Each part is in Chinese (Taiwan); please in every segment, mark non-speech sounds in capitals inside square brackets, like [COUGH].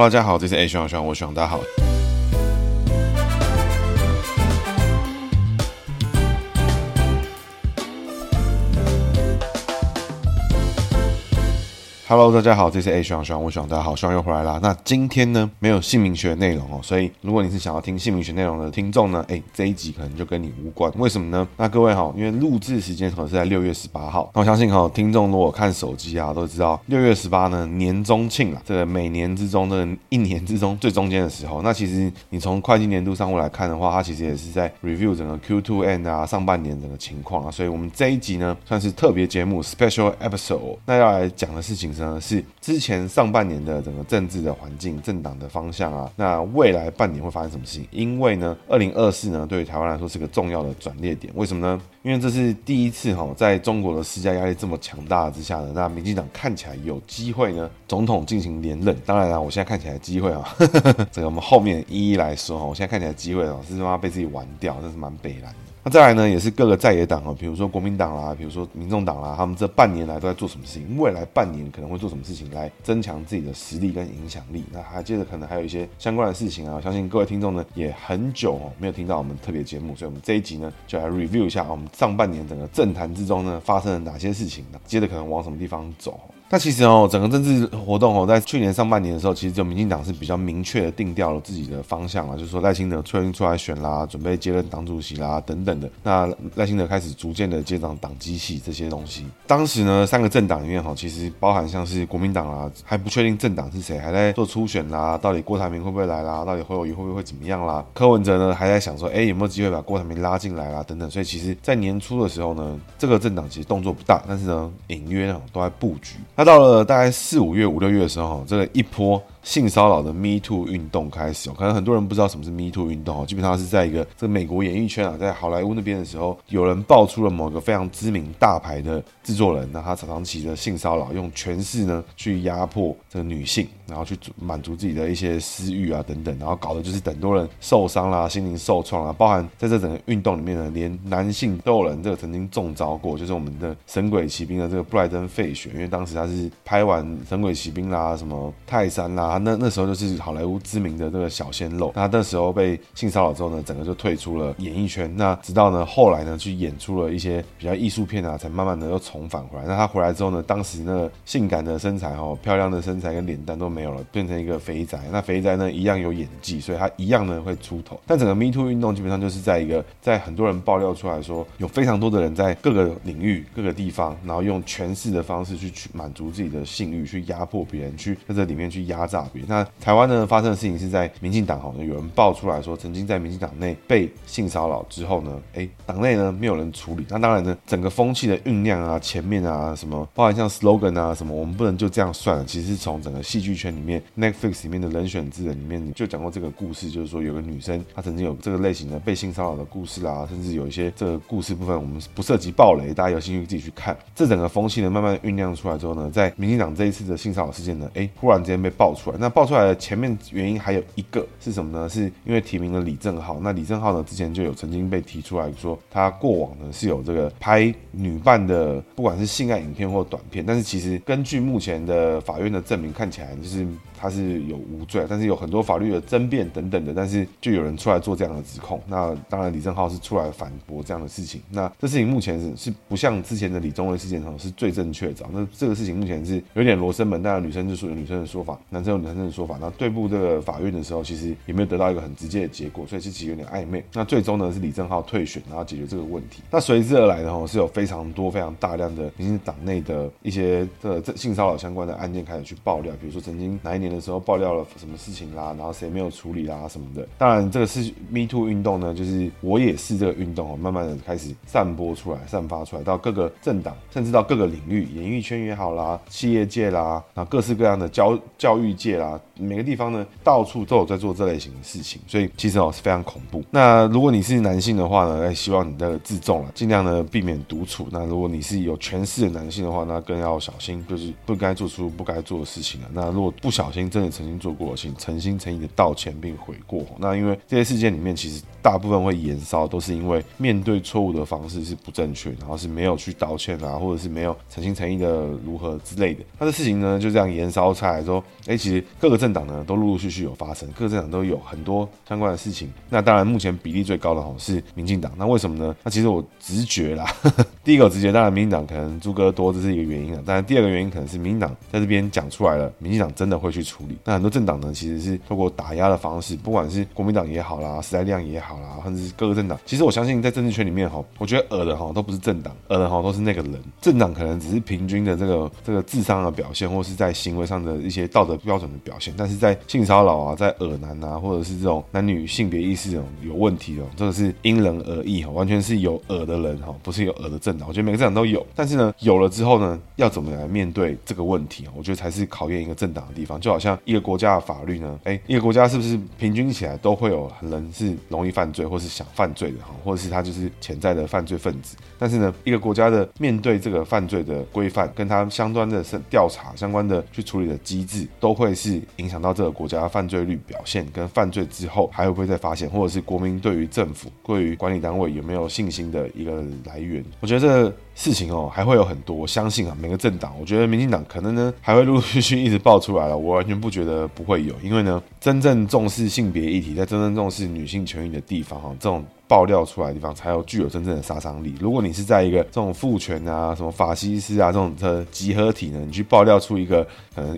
大家好，這是欸學長學長，我學長，大家好。Hello，大家好，這是欸，學長、學長，我，學長大家好，學長又回來啦。那今天呢，沒有姓名學的內容哦，所以如果你是想要聽姓名學內容的聽眾呢，哎、欸，這一集可能就跟你無關。為什麼呢？那各位好、哦，因為錄制時間可能是在六月十八號，那我相信哈、哦，聽眾如果看手機啊，都知道六月十八呢，年中慶啊，這個每年之中的、這個、一年之中最中間的時候，那其實你從會計年度上我來看的話，它其實也是在 review 整個 Q2 end 啊，上半年整個情況啊，所以我們這一集呢，算是特別節目 special episode，那要來講的事情是。呢是之前上半年的整個政治的環境、政黨的方向啊，那未來半年會發生什麼事情？因為呢，二零二四呢，對於台灣來說是個重要的轉捩點，為什麼呢？因為這是第一次哈、哦，在中國的施加壓力這麼強大之下的，那民進黨看起來有機會呢，總統進行連任。當然啦，我現在看起來的機會啊，這個我們後面一一來說哈。我現在看起來的機會哦，是他媽被自己玩掉，真是蠻悲涼。那再來呢，也是各個在野黨啊，比如說國民黨啦，比如說民眾黨啦，他們這半年來都在做什麼事情？未來半年可能會做什麼事情來增強自己的實力跟影響力？那還接着可能還有一些相關的事情啊。我相信各位聽眾呢也很久哦沒有聽到我們特別節目，所以我們這一集呢就來 review 一下我們上半年整個政壇之中呢發生了哪些事情？接着可能往什麼地方走？那其實哦，整個政治活動哦，在去年上半年的時候，其實就民進黨是比較明確的定掉了自己的方向啊，就是說賴清德確定出來選啦，準備接任黨主席啦等等的。那賴清德開始逐漸的接掌黨機器這些東西。當時呢，三個政黨裡面哈、哦，其實包含像是國民黨啊，還不確定政黨是誰，還在做初選啦，到底郭台銘會不會來啦，到底會以後會不會怎麼樣啦。柯文哲呢，還在想說，哎，有沒有機會把郭台銘拉進來啦等等。所以其實在年初的時候呢，這個政黨其實動作不大，但是呢，隱約都在布局。它到了大概四五月、五六月的時候，這個一波，性騷擾的 Me Too 運動開始哦，可能很多人不知道什麼是 Me Too 運動哦。基本上是在一個這個美國演藝圈啊，在好萊塢那邊的時候，有人爆出了某個非常知名大牌的製作人，那他常常起着性騷擾，用權勢呢去壓迫這個女性，然後去滿足自己的一些私欲啊等等，然後搞得就是很多人受傷啦，心靈受創啊。包含在這整個運動裡面呢，連男性都有人這個曾經中招過，就是我們的《神鬼騎兵》的這個布萊登·費雪，因為當時他是拍完《神鬼騎兵》啦，什麼泰山啦。啊，那那時候就是好萊塢知名的這個小鮮肉，那他那時候被性騷擾之後呢，整個就退出了演藝圈。那直到呢後來呢去演出了一些比較藝術片啊，才慢慢的又重返回來。那他回來之後呢，當時那個性感的身材哦，漂亮的身材跟臉蛋都沒有了，變成一個肥宅。那肥宅呢一樣有演技，所以他一樣呢會出頭。但整個 Me Too 運動基本上就是在一個在很多人爆料出來說，有非常多的人在各個領域、各個地方，然後用權勢的方式去，去滿足自己的性慾，去壓迫別人，去在這裡面去壓榨。那台灣呢發生的事情是在民進黨，好像有人爆出來說，曾經在民進黨內被性騷擾之後呢，哎，黨內呢沒有人處理。那當然呢，整個風氣的醞釀啊，前面啊，什麼，包含像 slogan 啊，什麼，我們不能就這樣算了。其實是從整個戲劇圈裡面，Netflix 裡面的人選之人裡面就講過這個故事，就是說有個女生她曾經有這個類型的被性騷擾的故事啊，甚至有一些這個故事部分我們不涉及暴雷，大家有興趣自己去看。這整個風氣呢慢慢醞釀出來之後呢，在民進黨這一次的性騷擾事件呢，哎，忽然之間被爆出。那爆出來的前面原因還有一個是什麼呢？是因為提名了李正皓。那李正皓呢，之前就有曾經被提出來說，他過往呢是有這個拍女伴的，不管是性愛影片，或短片。但是其實根據目前的法院的證明，看起來就是。他是有無罪，但是有很多法律的爭辯等等的，但是就有人出來做這樣的指控。那當然，李正浩是出來反駁這樣的事情。那這事情目前是是不像之前的李宗瑞事件的時候是最正確的。那這個事情目前是有點羅生門，當然女生就屬於女生的說法，男生有男生的說法。那對簿這個法院的時候，其實也沒有得到一個很直接的結果，所以其實有點曖昧。那最終呢，是李正浩退選，然後解決這個問題。那隨之而來的話，是有非常多非常大量的民進黨內的一些這性騷擾相關的案件開始去爆料，比如說曾經哪一年。的時候爆料了什麼事情啦，然後誰沒有處理啦什麼的。當然，這個是 Me Too 運動呢，就是我也是這個運動哦，慢慢的開始散播出來、散發出來，到各個政黨，甚至到各個領域，演藝圈也好啦，企業界啦，那各式各樣的教教育界啦，每個地方呢，到處都有在做這類型的事情，所以其實哦是非常恐怖。那如果你是男性的話呢，希望你得自重啦，盡量呢避免獨處。那如果你是有權勢的男性的話，那更要小心，就是不該做出不該做的事情了。那如果不小心，真的曾經做過，請誠心誠意的道歉並悔過。那因為這些事件裡面，其實，大部分會延燒，都是因為面對錯誤的方式是不正確，然後是沒有去道歉啊，或者是沒有誠心誠意的如何之類的。他的事情呢就這樣延燒出來，說，哎，其實各個政黨呢都陸陸續續有發生，各個政黨都有很多相關的事情。那當然目前比例最高的吼是民進黨，那為什麼呢？那其實我直覺啦，呵呵，第一個直覺當然民進黨可能豬哥多，這是一個原因啊，但是第二個原因可能是民進黨在這邊講出來了，民進黨真的會去處理。那很多政黨呢其實是透過打壓的方式，不管是國民黨也好啦，時代量也好。好啦，或者是各個政黨。其實我相信，在政治圈裡面，哈，我覺得惡的哈，都不是政黨，惡的哈，都是那個人。政黨可能只是平均的這個這個智商的表現，或是在行為上的一些道德標準的表現。但是在性騷擾啊，在惡男啊，或者是這種男女性別意識這種有問題的，真的是因人而異哈。完全是有惡的人哈，不是有惡的政黨。我覺得每個政黨都有，但是呢，有了之後呢，要怎麼來面對這個問題？我覺得才是考驗一個政黨的地方。就好像一個國家的法律呢，哎，一個國家是不是平均起來都會有很人是容易犯。犯罪，或是想犯罪的，或者是他就是潛在的犯罪分子。但是呢，一個國家的面對這個犯罪的規範，跟他相關的調查、相關的去處理的機制，都會是影響到這個國家的犯罪率表現，跟犯罪之後還會不會再發現，或者是國民對於政府、對於管理單位有沒有信心的一個來源。我覺得、這個事情哦還會有很多，相信啊每個政黨，我覺得民進黨可能呢還會陸陸續續一直爆出來了。我完全不覺得不會有，因為呢真正重視性別議題，在真正重視女性權益的地方哈，這種爆料出來的地方才有具有真正的殺傷力。如果你是在一個這種父權啊、什麼法西斯啊這種的集合體呢，你去爆料出一個。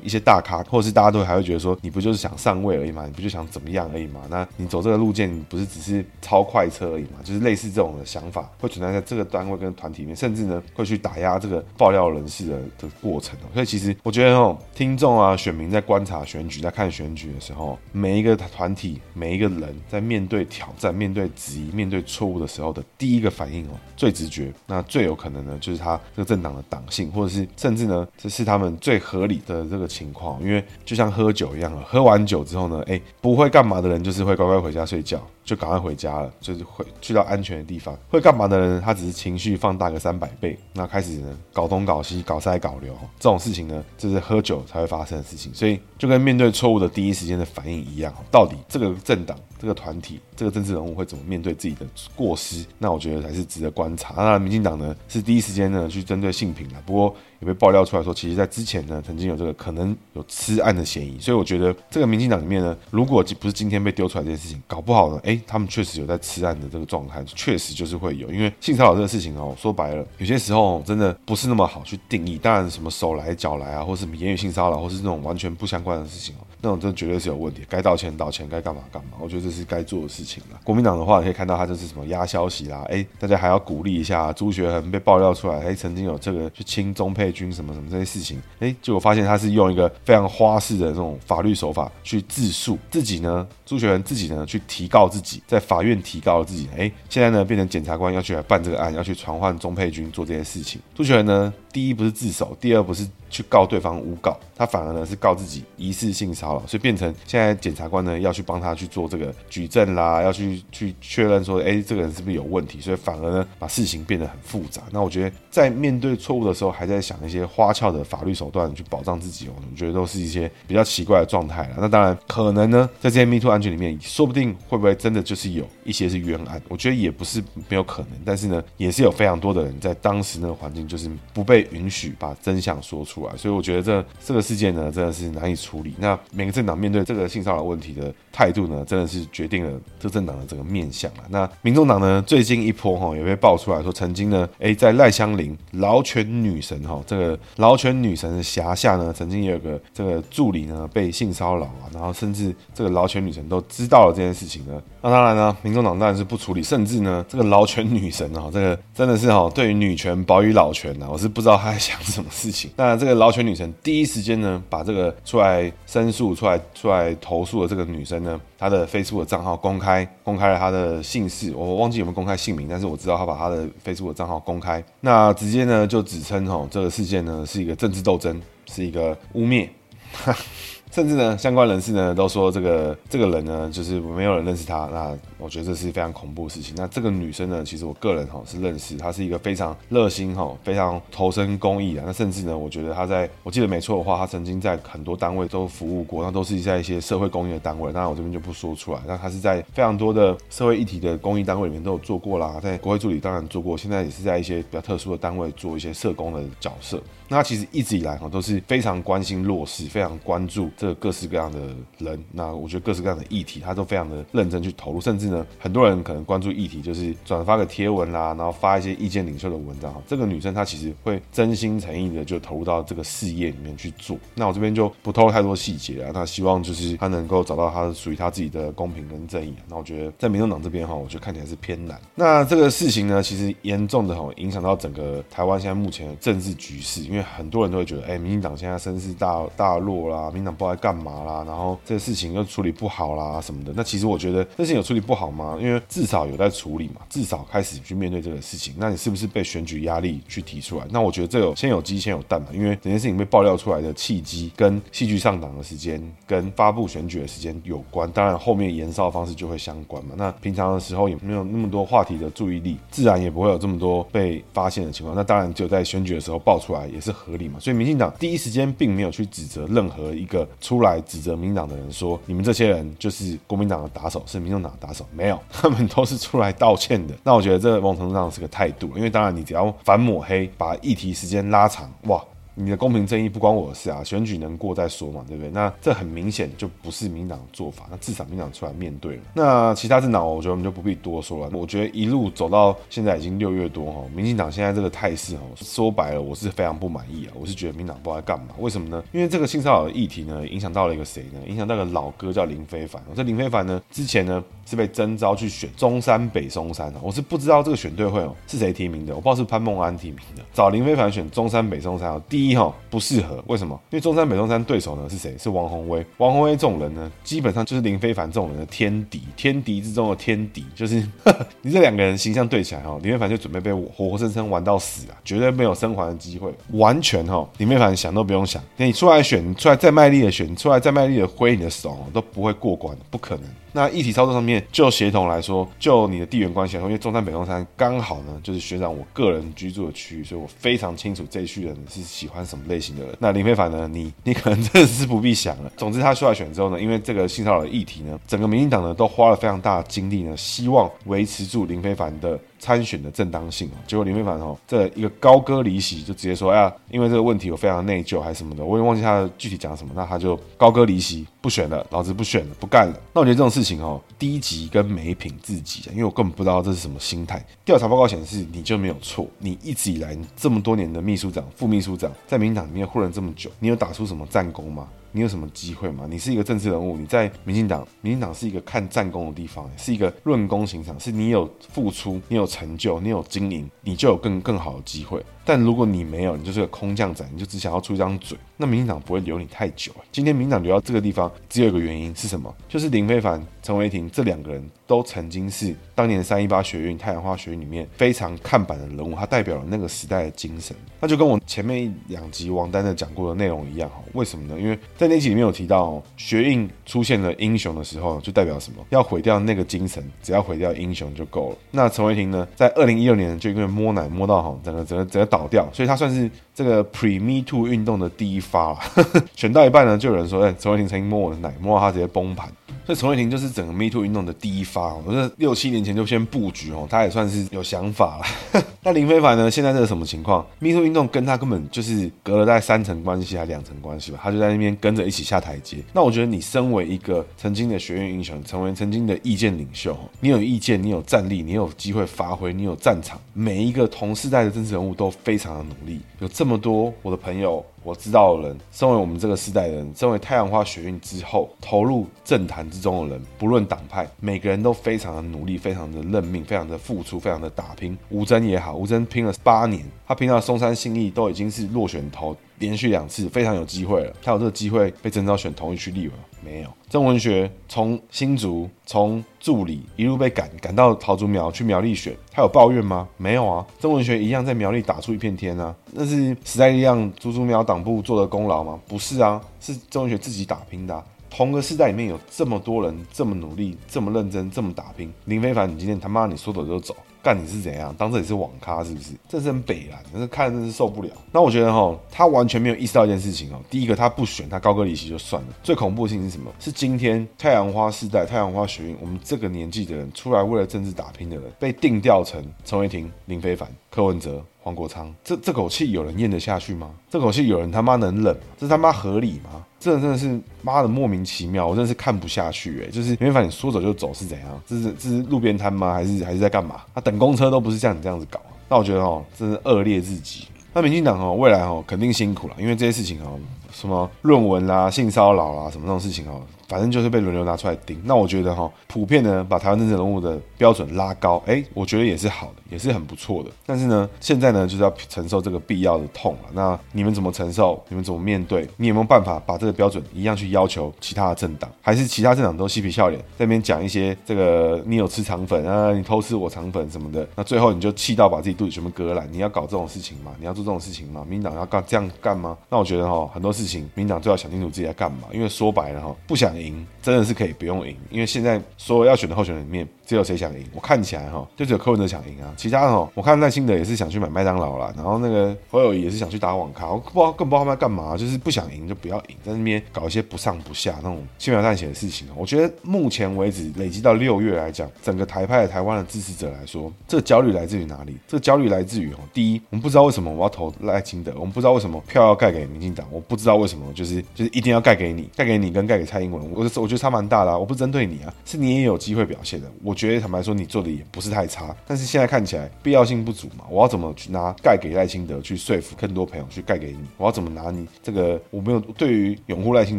一些大咖，或者是大家都還會覺得說，你不就是想上位而已嘛？你不就想怎麼樣而已嘛？那你走這個路線，你不是只是超快車而已嘛？就是類似這種的想法，會存在在這個單位跟團體裡面，甚至呢會去打壓這個爆料人士的的過程哦。所以其實我覺得哦，那種聽眾啊、選民在觀察選舉、在看選舉的時候，每一個團體、每一個人在面對挑戰、面對質疑、面對錯誤的時候的第一個反應哦，最直覺，那最有可能呢，就是他這個政黨的黨性，或者是甚至呢，這是他們最合理的。這個情況，因為就像喝酒一樣，喝完酒之後呢，哎，不會幹嘛的人就是會乖乖回家睡覺。就趕快回家了，就是會去到安全的地方。會幹嘛的人，他只是情緒放大個三百倍，那開始呢，搞東搞西、搞塞搞流這種事情呢，這、就是喝酒才會發生的事情。所以就跟面對錯誤的第一時間的反應一樣，到底這個政黨、這個團體、這個政治人物會怎麼面對自己的過失？那我覺得才是值得觀察。那民進黨呢，是第一時間呢去針對性平了，不過也被爆料出來說，其實在之前呢，曾經有這個可能有吃案的嫌疑。所以我覺得這個民進黨裡面呢，如果不是今天被丟出來的這件事情，搞不好呢，哎。他們確實有在吃案的這個狀態，確實就是會有，因為性騷擾這個事情哦，說白了，有些時候真的不是那麼好去定義。當然，什麼手來腳來啊，或是言語性騷擾，或是這種完全不相關的事情哦。那種真的絕對是有問題，該道歉道歉，該幹嘛幹嘛，我覺得這是該做的事情了。國民黨的話，你可以看到他這是什麼壓消息啦，誒，大家還要鼓勵一下朱學恆被爆料出來，誒，曾經有這個去親鍾沛君什麼什麼這些事情，誒，結果發現他是用一個非常花式的這種法律手法去自訴自己呢，朱學恆自己呢去提告自己，在法院提告了自己，誒，現在呢變成檢察官要去來辦這個案，要去傳喚鍾沛君做這些事情，朱學恆呢？第一不是自首，第二不是去告對方誣告，他反而呢是告自己疑似性騷擾，所以變成現在檢察官呢要去幫他去做這個舉證啦，要去去確認說，哎，這個人是不是有問題，所以反而呢把事情變得很複雜。那我覺得在面對錯誤的時候，還在想一些花俏的法律手段去保障自己哦，我覺得都是一些比較奇怪的狀態啦。那當然可能呢在這些 MeToo 安全裡面，說不定會不會真的就是有一些是冤案，我覺得也不是沒有可能，但是呢也是有非常多的人在當時那個環境就是不被。也允許把真相說出來，所以我覺得這個、這個事件呢，真的是難以處理。那每個政黨面對這個性騷擾問題的態度呢，真的是決定了這政黨的這個面相啊。那民眾黨呢，最近一波哈也被爆出來說，曾經呢，哎、欸，在賴香伶勞權女神哈這個勞權女神的轄下呢，曾經也有個這個助理呢被性騷擾啊，然後甚至這個勞權女神都知道了這件事情呢。那當然呢、啊，民眾黨當然是不處理，甚至呢，這個勞權女神哈，這個真的是哈，對於女權保與勞權呢、啊，我是不知道。不知道他在想什麼事情？那這個勞權女神第一時間呢，把這個出來申訴、出來、出來投訴的這個女生呢，她的 Facebook 賬號公開，公開了她的姓氏。我忘記有沒有公開姓名，但是我知道她把她的 Facebook 賬號公開。那直接呢就指稱哦、喔，這個事件呢是一個政治鬥爭，是一個污衊。 [LAUGHS] 甚至呢，相關人士呢都說這個這個人呢，就是沒有人認識他。那我覺得這是非常恐怖的事情。那這個女生呢，其實我個人吼是認識，她是一個非常熱心吼、非常投身公益的。那甚至呢，我覺得她在，我記得沒錯的話，她曾經在很多單位都服務過，那都是在一些社會公益的單位。當然我這邊就不說出來。那她是在非常多的社會議題的公益單位裡面都有做過啦，在國會助理當然做過，現在也是在一些比較特殊的單位做一些社工的角色。那她其實一直以來吼都是非常關心弱勢，非常關注。這個、各式各樣的人，那我覺得各式各樣的議題，他都非常的認真去投入。甚至呢，很多人可能關注議題就是轉發個貼文啦，然後發一些意見領袖的文章。哈，這個女生她其實會真心誠意的就投入到這個事業裡面去做。那我這邊就不透露太多細節啊，她希望就是她能夠找到她屬於她自己的公平跟正義。那我覺得在民進黨這邊哈，我覺得看起來是偏難。那這個事情呢，其實嚴重的哈影響到整個台灣現在目前的政治局勢。因為很多人都會覺得，哎，民進黨現在聲勢大大落啦，民進黨不好。幹嘛啦？然後這個事情又處理不好啦什麼的？那其實我覺得，這件事情有處理不好嗎？因為至少有在處理嘛，至少開始去面對這個事情。那你是不是被選舉壓力去提出來？那我覺得這有先有雞先有蛋嘛？因為整件事情被爆料出來的契機，跟戲劇上檔的時間，跟發布選舉的時間有關。當然後面延燒的方式就會相關嘛。那平常的時候也沒有那麼多話題的注意力，自然也不會有這麼多被發現的情況。那當然只有在選舉的時候爆出來也是合理嘛。所以民進黨第一時間並沒有去指責任何一個。出來指責民進黨的人說：“你們這些人就是國民黨的打手，是民眾黨的打手。”沒有，他們都是出來道歉的。那我覺得這某種程度上是個態度，因為當然你只要反抹黑，把議題時間拉長，哇。你的公平正義不關我的事啊，選舉能過再說嘛，對不對？那這很明顯就不是民黨的做法，那至少民黨出來面對了。那其他政黨，我覺得我們就不必多說了。我覺得一路走到現在已經六月多哈，民進黨現在這個態勢哦，說白了我是非常不滿意啊。我是覺得民黨不知道在幹嘛？為什麼呢？因為這個性騷擾的議題呢，影響到了一個誰呢？影響到一個老哥叫林非凡。我說林非凡呢，之前呢是被徵召去選中山北松山的。我是不知道這個選對會哦是誰提名的，我不知道是，是潘孟安提名的，找林非凡選中山北松山哦。第一哈，不適合，為什麼？因為中山北中山對手呢是誰？是王鴻薇。王鴻薇這種人呢，基本上就是林飛帆這種人的天敵，天敵之中的天敵，就是呵呵你這兩個人形象對起來哈，林飛帆就準備被活活生生玩到死啊，絕對沒有生還的機會，完全哈，林飛帆想都不用想，你出來選，你出來再賣力的選，你出來再賣力的揮你的手，都不會過關，不可能。那議題操作上面，就協同來說，就你的地緣關係來說，因為中山北中山剛好呢，就是學長我個人居住的區域，所以我非常清楚這一區的人是喜歡什麼類型的人。那林非凡呢，你你可能真的是不必想了。總之他出來選之後呢，因為這個性騷擾的議題呢，整個民進黨呢都花了非常大的精力呢，希望維持住林非凡的參選的正當性哦，結果林飛帆哦，這一個高歌離席，就直接說，哎呀，因為這個問題我非常內疚，還是什麼的，我也忘記他具體講什麼，那他就高歌離席，不選了，老子不選了，不幹了。那我覺得這種事情哦，低級跟沒品自己，因為我根本不知道這是什麼心態。調查報告顯示，你就沒有錯，你一直以來這麼多年的秘書長、副秘書長，在民進黨裡面混了這麼久，你有打出什麼戰功嗎？你有什麼機會嗎？你是一個政治人物，你在民進黨，民進黨是一個看戰功的地方，是一個論功行賞，是你有付出，你有成就，你有經營，你就有更更好的機會。但如果你沒有，你就是個空降仔，你就只想要出一張嘴。那民進黨不會留你太久了。今天民進黨留到這個地方，只有一個原因是什麼？就是林飛帆、陳為廷這兩個人都曾經是當年三一八學運、太陽花學運裡面非常看板的人物，他代表了那個時代的精神。那就跟我前面兩集王丹的講過的內容一樣，哈，為什麼呢？因為在那集裡面有提到，學運出現了英雄的時候，就代表什麼？要毀掉那個精神，只要毀掉英雄就夠了。那陳為廷呢，在二零一二年就因為摸奶摸到，哈，整個整個整個。倒掉，所以他算是這個 pre me too 運動的第一發。 [LAUGHS] 選到一半呢，就有人說：“哎、欸，陳為廷曾經摸我的奶，摸到他直接崩盤。”所以陳為廷就是整個 me too 運動的第一發、喔。我、就是六七年前就先布局哦、喔，他也算是有想法了。 [LAUGHS] 那林飛帆呢？現在這是什麼情況？me too 運動跟他根本就是隔了在三層關係還兩層關係吧？他就在那邊跟着一起下台階。那我覺得你身為一個曾經的學院英雄，成為曾經的意見領袖、喔，你有意見，你有戰力，你有機會發揮，你有戰場，每一個同世代的政治人物都。非常的努力，有這麼多我的朋友，我知道的人，身為我們這個世代的人，身為太陽花學運之後投入政壇之中的人，不論黨派，每個人都非常的努力，非常的認命，非常的付出，非常的打拼。吳崢也好，吳崢拼了八年，他拼到松山信義都已經是落選頭。連續兩次非常有機會了，他有這個機會被徵召選同一區立委嗎？沒有，曾玟學從新竹從助理一路被趕趕到桃竹苗去苗栗選，他有抱怨嗎？沒有啊，曾玟學一樣在苗栗打出一片天啊，那是時代力量竹竹苗黨部做的功勞嗎？不是啊，是曾玟學自己打拼的啊。同個世代裡面有這麼多人這麼努力這麼認真這麼打拼，林非凡，你今天他媽你說走就走。幹，你是怎樣，當這裡是網咖是不是？這是很北藍，真是看真的是受不了。那我覺得哈、哦，他完全沒有意識到一件事情哦。第一個，他不選他高歌離席就算了，最恐怖的事情是什麼？是今天太陽花世代、太陽花學運，我們這個年紀的人出來為了政治打拼的人，被定調成陳為廷、林飛帆、柯文哲。黃國昌，這這口氣有人咽得下去嗎？這口氣有人他媽能忍？這他媽合理嗎？這真的是媽的莫名其妙，我真的是看不下去誒、欸、就是林元凡，你說走就走是怎樣？這是這是路邊攤嗎？還是還是在幹嘛？他、啊、等公車都不是像你這樣子搞、啊。那我覺得哦，真是惡劣至極。那民進黨哦，未來哦肯定辛苦了，因為這些事情哦，什麼論文啦、啊、性騷擾啦、啊、什麼這種事情哦。反正就是被輪流拿出來盯。那我覺得哈，普遍呢把台灣政治人物的標準拉高，哎、欸，我覺得也是好的，也是很不錯的。但是呢，現在呢就是要承受這個必要的痛了。那你們怎麼承受？你們怎麼面對？你有沒有辦法把這個標準一樣去要求其他的政黨？還是其他政黨都嬉皮笑臉，在那邊講一些這個你有吃腸粉啊，你偷吃我腸粉什麼的？那最後你就氣到把自己肚子全部割爛？你要搞這種事情嗎？你要做這種事情嗎？民進黨要幹這樣幹嗎？那我覺得哈，很多事情民進黨最好想清楚自己在幹嘛，因為說白了哈，不想。贏真的是可以不用贏，因為現在所有要選的候選人裡面。只有誰想贏，我看起來哈，就只有柯文哲想贏啊，其他哈，我看賴清德也是想去買麥當勞啦，然後那個侯友宜也是想去打網咖，我不知道，更不知道他們在幹嘛，就是不想贏就不要贏，在那邊搞一些不上不下那種輕描淡寫的事情。我覺得目前為止累積到六月來講，整個台派台灣的支持者來說，這個焦慮來自於哪裡？這個焦慮來自於哈，第一，我們不知道為什麼我要投賴清德，我們不知道為什麼票要蓋給民進黨，我不知道為什麼就是就是一定要蓋給你，蓋給你跟蓋給蔡英文，我我覺得差蠻大的啊，我不針對你啊，是你也有機會表現的，我。我覺得坦白說，你做的也不是太差，但是現在看起來必要性不足嘛。我要怎麼去拿蓋給賴清德去說服更多朋友去蓋給你？我要怎麼拿你這個？我沒有對於擁護賴清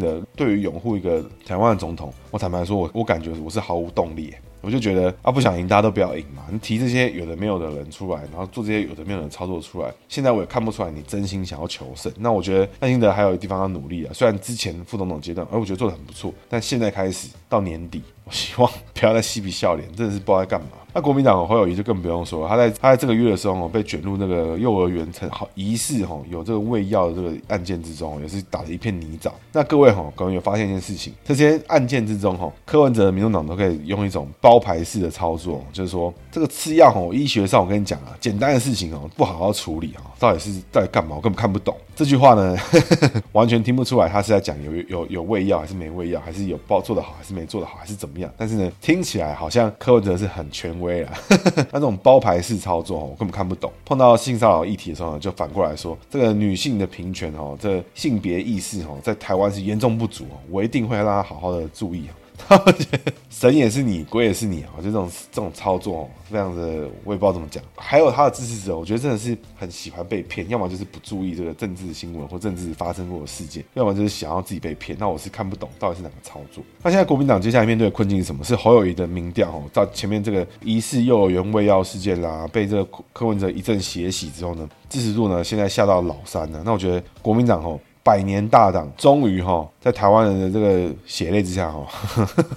德，對於擁護一個台灣的總統，我坦白說我，我我感覺我是毫無動力。我就覺得啊，不想贏，大家都不要贏嘛。你提這些有的沒有的人出來，然後做這些有的沒有的人操作出來，現在我也看不出來你真心想要求勝。那我覺得賴清德還有一個地方要努力啊。雖然之前副總統階段，而我覺得做的很不錯，但現在開始。到年底，我希望不要再嬉皮笑臉，真的是不知道在幹嘛。那國民黨侯友宜就更不用說了，他在他在這個月的時候被捲入那個幼兒園城，好疑似哈有這個餵藥的這個案件之中，也是打了一片泥沼。那各位哈，可能有發現一件事情，這些案件之中哈，柯文哲、民眾黨都可以用一種包牌式的操作，就是說這個吃藥哈，醫學上我跟你講啊，簡單的事情哦，不好好處理哈，到底是在幹嘛？我根本看不懂。這句話呢， [LAUGHS] 完全聽不出來他是在講有有有餵藥還是沒餵藥，還是有包做的好還是沒。做的好還是怎麼樣？但是呢，聽起來好像柯文哲是很權威啦。 [LAUGHS] 那這種包牌式操作，我根本看不懂。碰到性騷擾議題的時候呢，就反過來說，這個女性的平權哦，這性別意識哦，在台灣是嚴重不足哦。我一定會讓她好好的注意哦 [LAUGHS] 神也是你，鬼也是你啊！我覺得這種這種操作，非常的，我也不知道怎麼講。還有他的支持者，我覺得真的是很喜歡被騙，要麼就是不注意這個政治新聞或政治發生過的事件，要麼就是想要自己被騙。那我是看不懂到底是哪個操作。那現在國民黨接下來面對的困境是什麼？是侯友宜的民調哦，到前面這個疑似幼兒園餵藥事件啦，被這個柯文哲一陣血洗之後呢，支持度呢現在下到老三了。那我覺得國民黨哦。百年大黨終於哈、哦，在台灣人的這個血淚之下哈、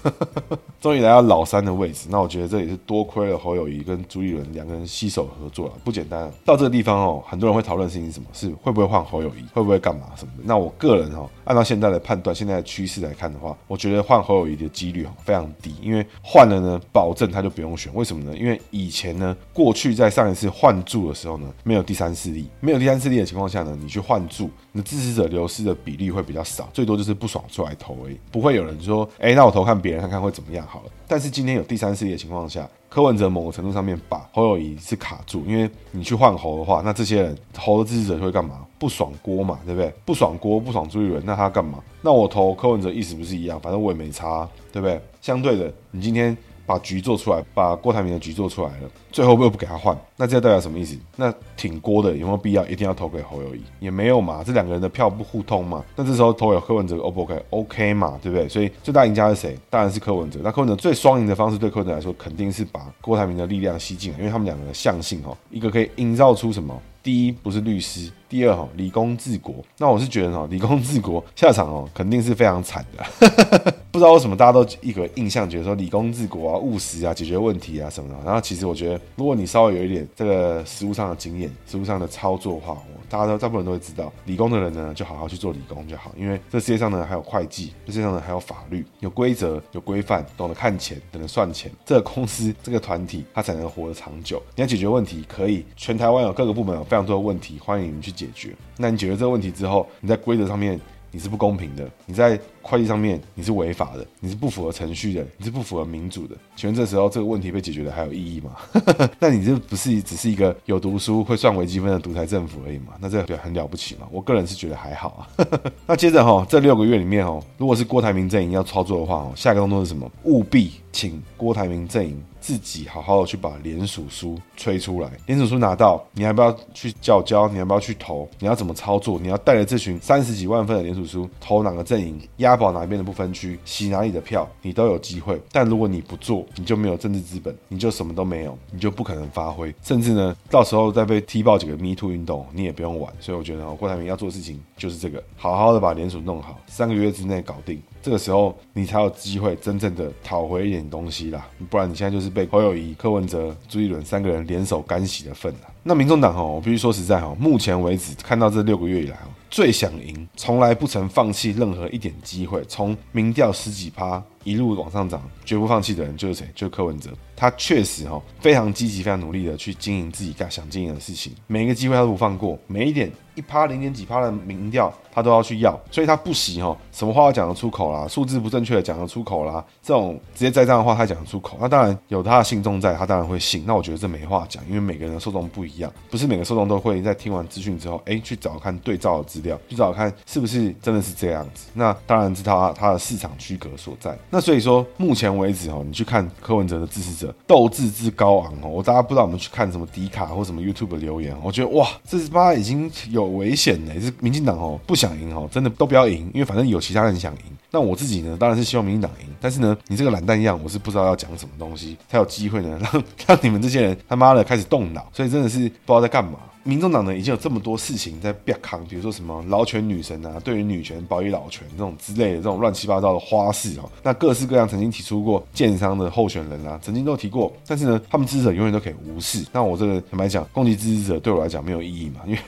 哦，終於來到老三的位置。那我覺得這也是多虧了侯友宜跟朱立倫兩個人攜手合作了，不簡單。到這個地方哦，很多人會討論的事情是什麼，是會不會換侯友宜，會不會幹嘛什麼的。那我個人哦，按照現在的判斷，現在的趨勢來看的話，我覺得換侯友宜的幾率非常低，因為換了呢，保證他就不用選。為什麼呢？因為以前呢，過去在上一次換柱的時候呢，沒有第三勢力，沒有第三勢力的情況下呢，你去換柱，支持者流失的比例會比較少，最多就是不爽出來投哎，不會有人說誒，那我投看別人看看會怎麼樣好了。但是今天有第三勢力的情況下，柯文哲某個程度上面把侯友宜是卡住，因為你去換侯的話，那這些人侯的支持者會幹嘛？不爽鍋嘛，對不對？不爽鍋，不爽朱立倫，那他幹嘛？那我投柯文哲意思不是一樣，反正我也沒差，對不對？相對的，你今天。把局做出來，把郭台銘的局做出來了，最後又不給他換，那這代表什麼意思？那挺郭的有沒有必要一定要投給侯友宜？也沒有嘛，這兩個人的票不互通嘛。那這時候投給柯文哲，OK 不 OK？OK 嘛，對不對？所以最大贏家是誰？當然是柯文哲。那柯文哲最雙贏的方式，對柯文哲來說，肯定是把郭台銘的力量吸進來，因為他們兩個的相性哈，一個可以營造出什麼？第一不是律師。第二吼、哦，理工治國，那我是覺得吼、哦，理工治國下場哦，肯定是非常慘的。 [LAUGHS] 不知道為什麼大家都一個印象，覺得說理工治國啊，務實啊，解決問題啊什麼的。然後其實我覺得，如果你稍微有一點這個實務上的經驗、實務上的操作的話，大家都大部分人都會知道，理工的人呢，就好好去做理工就好，因為這世界上呢還有會計，這世界上呢還有法律，有規則、有規範，懂得看錢、懂得算錢，這個公司、這個團體它才能活得長久。你要解決問題，可以，全台灣有各個部門有非常多的問題，歡迎你們去。解決，那你解決這個問題之後，你在規則上面你是不公平的，你在會計上面你是違法的，你是不符合程序的，你是不符合民主的。請問這時候這個問題被解決的還有意義嗎？ [LAUGHS] 那你這不是只是一個有讀書會算微積分的獨裁政府而已嗎？那這很了不起嘛。我個人是覺得還好啊。 [LAUGHS] 那接着哈、哦，這六個月裡面哦，如果是郭台銘陣營要操作的話，下一個動作是什麼？務必。請郭台銘陣營自己好好的去把聯署書催出來，聯署書拿到，你還不要去叫交，你還不要去投，你要怎麼操作？你要帶着這群三十幾萬份的聯署書，投哪個陣營，押寶哪邊的不分區，洗哪裡的票，你都有機會。但如果你不做，你就沒有政治資本，你就什麼都沒有，你就不可能發揮，甚至呢，到時候再被踢爆幾個 MeToo 運動，你也不用玩。所以我覺得，郭台銘要做的事情就是這個，好好的把聯署弄好，三個月之內搞定。這個時候，你才有機會真正的討回一點東西啦！不然你現在就是被侯友宜、柯文哲、朱立倫三個人聯手乾洗的份啦。那民眾黨哈、哦，我必須說實在哈、哦，目前為止看到這六個月以來哦，最想贏、從來不曾放棄任何一點機會，從民調十幾趴一路往上漲、絕不放棄的人就是誰？就是柯文哲。他確實哈非常積極、非常努力的去經營自己想經營的事情，每一個機會他都不放過，每一點一趴、零點幾趴的民調他都要去要，所以他不行哦，什麼話都講得出口啦，數字不正確的講得出口啦，這種直接栽贓的話他講得出口，那當然有他的信眾在，他當然會信。那我覺得這沒話講，因為每個人的受眾不一樣，不是每個受眾都會在聽完資訊之後，哎去找看對照的資料，去找看是不是真的是這樣子。那當然是他他的市場區隔所在。那所以說，目前為止哈，你去看柯文哲的支持者，鬥志之高昂哦！我大家不知道有沒有去看什麼迪卡或什麼 YouTube 的留言哦，我覺得哇，這他媽已經有危險呢！是民進黨哦，不想贏哦，真的都不要贏，因為反正有其他人想贏。那我自己呢，當然是希望民進黨贏。但是呢，你這個懶蛋一樣，我是不知道要講什麼東西，才有機會呢，讓讓你們這些人他媽的開始動腦。所以真的是不知道在幹嘛。民眾黨呢，已經有這麼多事情在別扛，比如說什麼勞權女神啊，對於女權、保育、勞權這種之類的這種亂七八糟的花式哦、啊，那各式各樣曾經提出過建商的候選人啊，曾經都提過，但是呢，他們支持者永遠都可以無視。那我這個坦白講，攻擊支持者對我來講沒有意義嘛，因為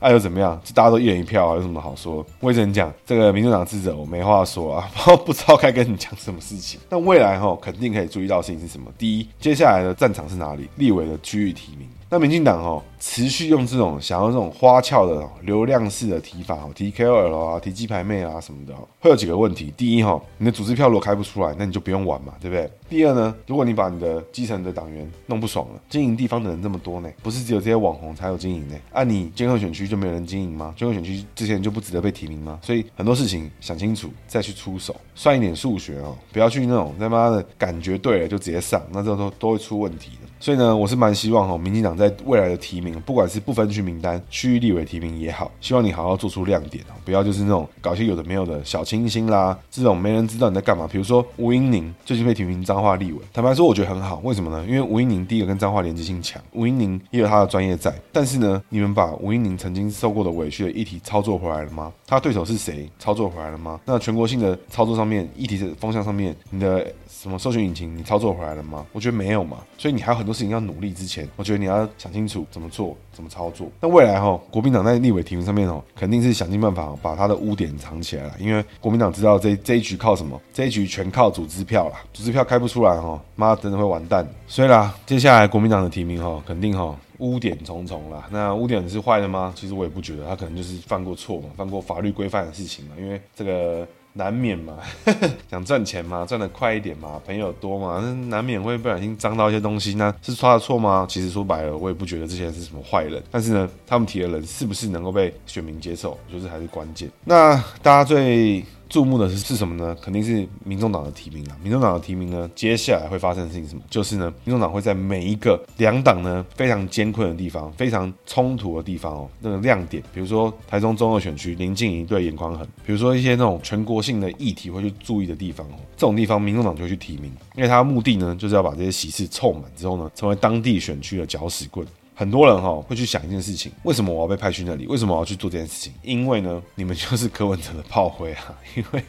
那、 [LAUGHS] 啊、又怎麼樣？大家都一人一票，啊，有什麼好說？我也只能講這個民眾黨支持者，我沒話說啊，不知道該跟你講什麼事情。那未來哈、哦，肯定可以注意到事情是什麼？第一，接下來的戰場是哪裡？立委的區域提名。那民進黨哈。持續用這種想要這種花俏的、哦、流量式的提法哦，提 KOL 啊，提雞排妹啊什麼的、哦，會有幾個問題。第一哈、哦，你的組織票如果開不出來，那你就不用玩嘛，對不對？第二呢，如果你把你的基層的黨員弄不爽了，經營地方的人這麼多呢，不是只有這些網紅才有經營呢？按、啊、你艱困選區就沒有人經營嗎？艱困選區之前就不值得被提名嗎？所以很多事情想清楚再去出手，算一點數學哦，不要去那種他媽的感覺對了就直接上，那這都都會出問題的。所以呢，我是蠻希望哦，民進黨在未來的提名，不管是不分區名單、區域立委提名也好，希望你好好做出亮點哦，不要就是那種搞些有的沒有的小清新啦，這種沒人知道你在幹嘛。比如說吳音寧最近被提名彰化立委，坦白說我覺得很好，為什麼呢？因為吳音寧第一個跟彰化連接性強，吳音寧也有他的專業在。但是呢，你們把吳音寧曾經受過的委屈的議題操作回來了嗎？他對手是誰？操作回來了嗎？那全國性的操作上面，議題的方向上面，你的。什麼？搜尋引擎你操作回來了嗎？我覺得沒有嘛，所以你還有很多事情要努力。之前我覺得你要想清楚怎麼做，怎麼操作。那未來哈、哦，國民黨在立委提名上面哦，肯定是想盡辦法把他的污點藏起來了。因為國民黨知道這這一局靠什麼？這一局全靠組織票了，組織票開不出來哈、哦，媽真的會完蛋。所以啦，接下來國民黨的提名哈、哦，肯定哈、哦、污點重重啦。那污點是壞的嗎？其實我也不覺得，他可能就是犯過錯嘛，犯過法律規範的事情嘛，因為這個。難免嘛，呵呵，想賺錢嘛，賺得快一點嘛，朋友多嘛，難免會不小心髒到一些東西呢，那是他的錯嗎？其實說白了，我也不覺得這些人是什麼壞人，但是呢，他們提的人是不是能夠被選民接受，就是還是關鍵。那大家最。注目的是是什麼呢？肯定是民眾黨的提名啊！民眾黨的提名呢，接下來會發生的事情什麼？就是呢，民眾黨會在每一個兩黨呢非常艱困的地方，非常衝突的地方哦，那個亮點，比如說台中中二選區林靜儀對顏寬恆，比如說一些那種全國性的議題會去注意的地方哦，這種地方民眾黨就會去提名，因為他的目的呢，就是要把這些席次湊滿之後呢，成為當地選區的攪屎棍。很多人齁會去想一件事情：為什麼我要被派去那裡？為什麼我要去做這件事情？因為呢，你們就是柯文哲的炮灰啊！因為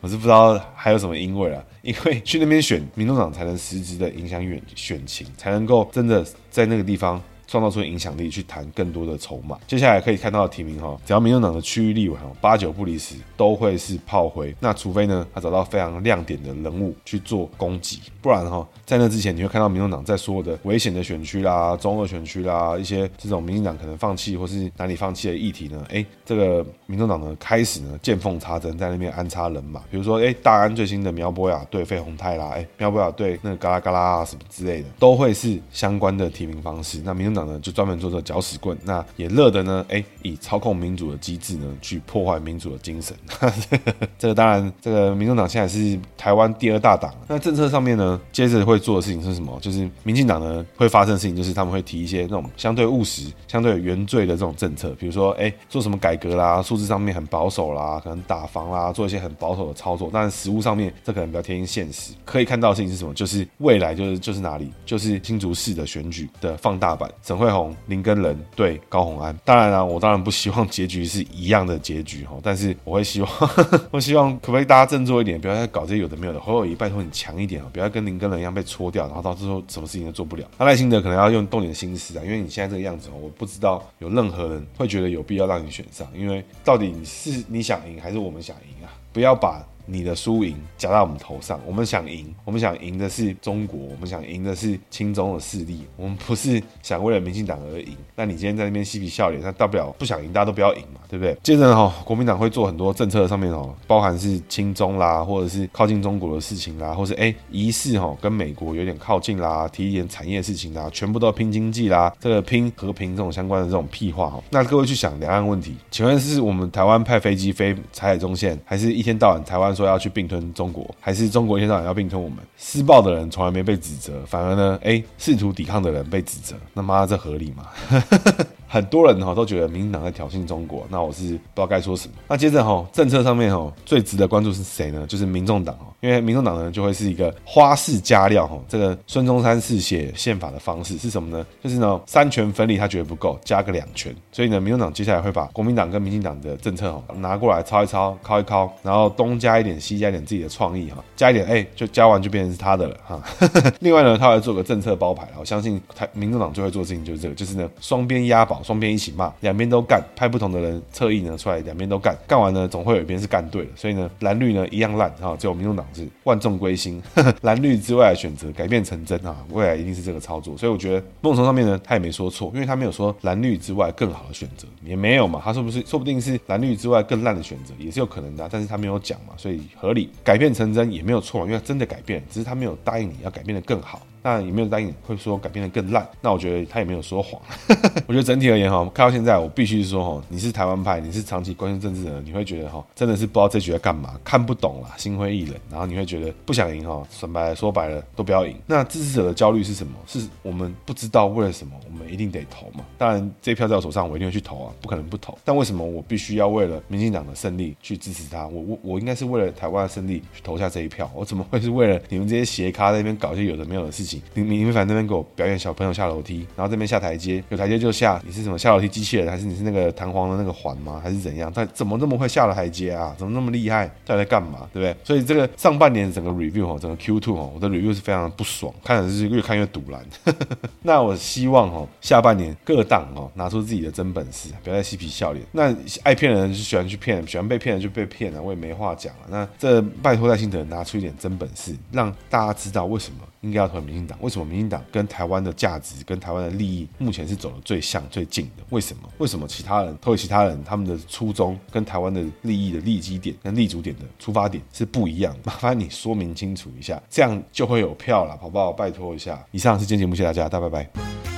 我是不知道還有什麼因為啦，因為去那邊選民眾黨，才能實質的影響選選情，才能夠真的在那個地方。創造出影響力去談更多的籌碼。接下來可以看到的提名哈，只要民進黨的區域立委哦，八九不離十都會是炮灰。那除非呢，他找到非常亮點的人物去做攻擊，不然哈，在那之前你會看到民進黨在所有的危險的選區啦、中二選區啦，一些這種民進黨可能放棄或是哪裡放棄的議題呢，哎，這個民進黨的開始呢，見縫插針在那邊安插人馬，比如說哎、欸，大安最新的苗博雅對費鴻泰啦，哎，苗博雅對那個嘎啦嘎啦啊什麼之類的，都會是相關的提名方式。那民進。黨呢，就專門做做攪屎棍，那也樂的呢，哎、欸，以操控民主的機制，呢，去破壞民主的精神。 [LAUGHS] 這個當然，這個民眾黨現在是台灣第二大黨。那政策上面呢，接着會做的事情是什麼？就是民進黨呢會發生的事情，就是他們會提一些那種相對務實、相對原罪的這種政策，比如說，哎、欸，做什麼改革啦，數字上面很保守啦，可能打房啦，做一些很保守的操作。但實務上面，這可能比較貼近現實。可以看到的事情是什麼？就是未來就是就是哪裡？就是新竹市的選舉的放大版。沈慧虹、林耕仁對高虹安，當然啦、啊，我當然不希望結局是一樣的結局哈，但是我會希望，呵呵我希望，可不可以大家振作一點，不要再搞這些有的沒有的。侯友宜，拜託你強一點啊，不要跟林耕仁一樣被搓掉，然後到最後什麼事情都做不了。那賴清德可能要用動點心思啊，因為你現在這個樣子，我不知道有任何人會覺得有必要讓你選上，因為到底你是你想贏還是我們想贏啊？不要把你的輸贏加到我們頭上，我們想贏，我們想贏的是中國，我們想贏的是親中的勢力，我們不是想為了民進黨而贏。那你今天在那邊嬉皮笑臉，那大不了不想贏，大家都不要贏嘛，對不對？接着哈，國民黨會做很多政策上面哦，包含是親中啦，或者是靠近中國的事情啦，或是哎疑似哈跟美國有點靠近啦，提一點產業的事情啦，全部都拼經濟啦，這個拼和平這種相關的這種屁話哈，那各位去想兩岸問題，請問是我們台灣派飛機飛台海中線，還是一天到晚台灣？說要去併吞中國，還是中國現在要併吞我們？施暴的人從來沒被指責，反而呢，哎，試圖抵抗的人被指責。那媽這合理嗎？ [LAUGHS] 很多人哈都覺得民進黨在挑釁中國，那我是不知道該說什麼。那接着哈，政策上面哈最值得關注是誰呢？就是民眾黨，因為民眾黨呢就會是一個花式加料哈。這個孫中山式寫憲法的方式是什麼呢？就是呢三權分立，他覺得不夠，加個兩權。所以呢，民眾黨接下來會把國民黨跟民進黨的政策哈拿過來抄一抄，敲一敲，然後東加一點，西加一點自己的創意哈，加一點，哎，就加完就變成是他的了哈。 [LAUGHS] 另外呢，他還做個政策包牌，我相信台民眾黨最會做事情就是這個，就是呢雙邊押寶。好，雙邊一起罵，兩邊都幹，派不同的人側翼呢出來，兩邊都幹，幹完呢總會有一邊是幹對的，所以呢藍綠呢一樣爛哈，只有民眾黨是萬眾歸心呵呵。藍綠之外的選擇改變成真啊，未來一定是這個操作，所以我覺得夢從上面呢他也沒說錯，因為他沒有說藍綠之外更好的選擇也沒有嘛，他說不是說不定是藍綠之外更爛的選擇也是有可能的啊，但是他沒有講嘛，所以合理改變成真也沒有錯，因為他真的改變，只是他沒有答應你要改變得更好。但也沒有答應會說改變得更爛，那我覺得他也沒有說謊。 [LAUGHS] 我覺得整體而言哈，看到現在，我必須說哈，你是台灣派，你是長期關心政治的人，你會覺得哈，真的是不知道這局在幹嘛，看不懂啦，心灰意冷，然後你會覺得不想贏哈，損白了，說白了，都不要贏。那支持者的焦慮是什麼？是我們不知道為了什麼，我們一定得投嘛？當然，這一票在我手上，我一定會去投啊，不可能不投。但為什麼我必須要為了民進黨的勝利去支持他？我我我應該是為了台灣的勝利去投下這一票，我怎麼會是為了你們這些斜咖在那邊搞一些有的沒有的事情？你你們反正那邊給我表演小朋友下樓梯，然後這邊下台階，有台階就下。你是什麼下樓梯機器人，還是你是那個彈簧的那個環嗎？還是怎樣？他怎麼那麼快下了台階啊？怎麼那麼厲害？到底在幹嘛？對不對？所以這個上半年整個 review 哦，整個 Q two 哦，我的 review 是非常不爽，看的是越看越賭爛。 [LAUGHS] 那我希望哦，下半年各檔哦拿出自己的真本事，不要再嬉皮笑臉。那愛騙人就喜歡去騙，喜歡被騙的就被騙了、啊，我也沒話講了、啊。那這拜託在心德拿出一點真本事，讓大家知道為什麼。應該要投民進黨，為什麼民進黨跟台灣的價值、跟台灣的利益，目前是走得最像、最近的？為什麼？為什麼其他人投給其他人，他們的初衷跟台灣的利益的立基點、跟立足點的出發點是不一樣的？麻煩你說明清楚一下，這樣就會有票了，好不好？拜托一下。以上是今天節目，謝謝大家，大拜拜。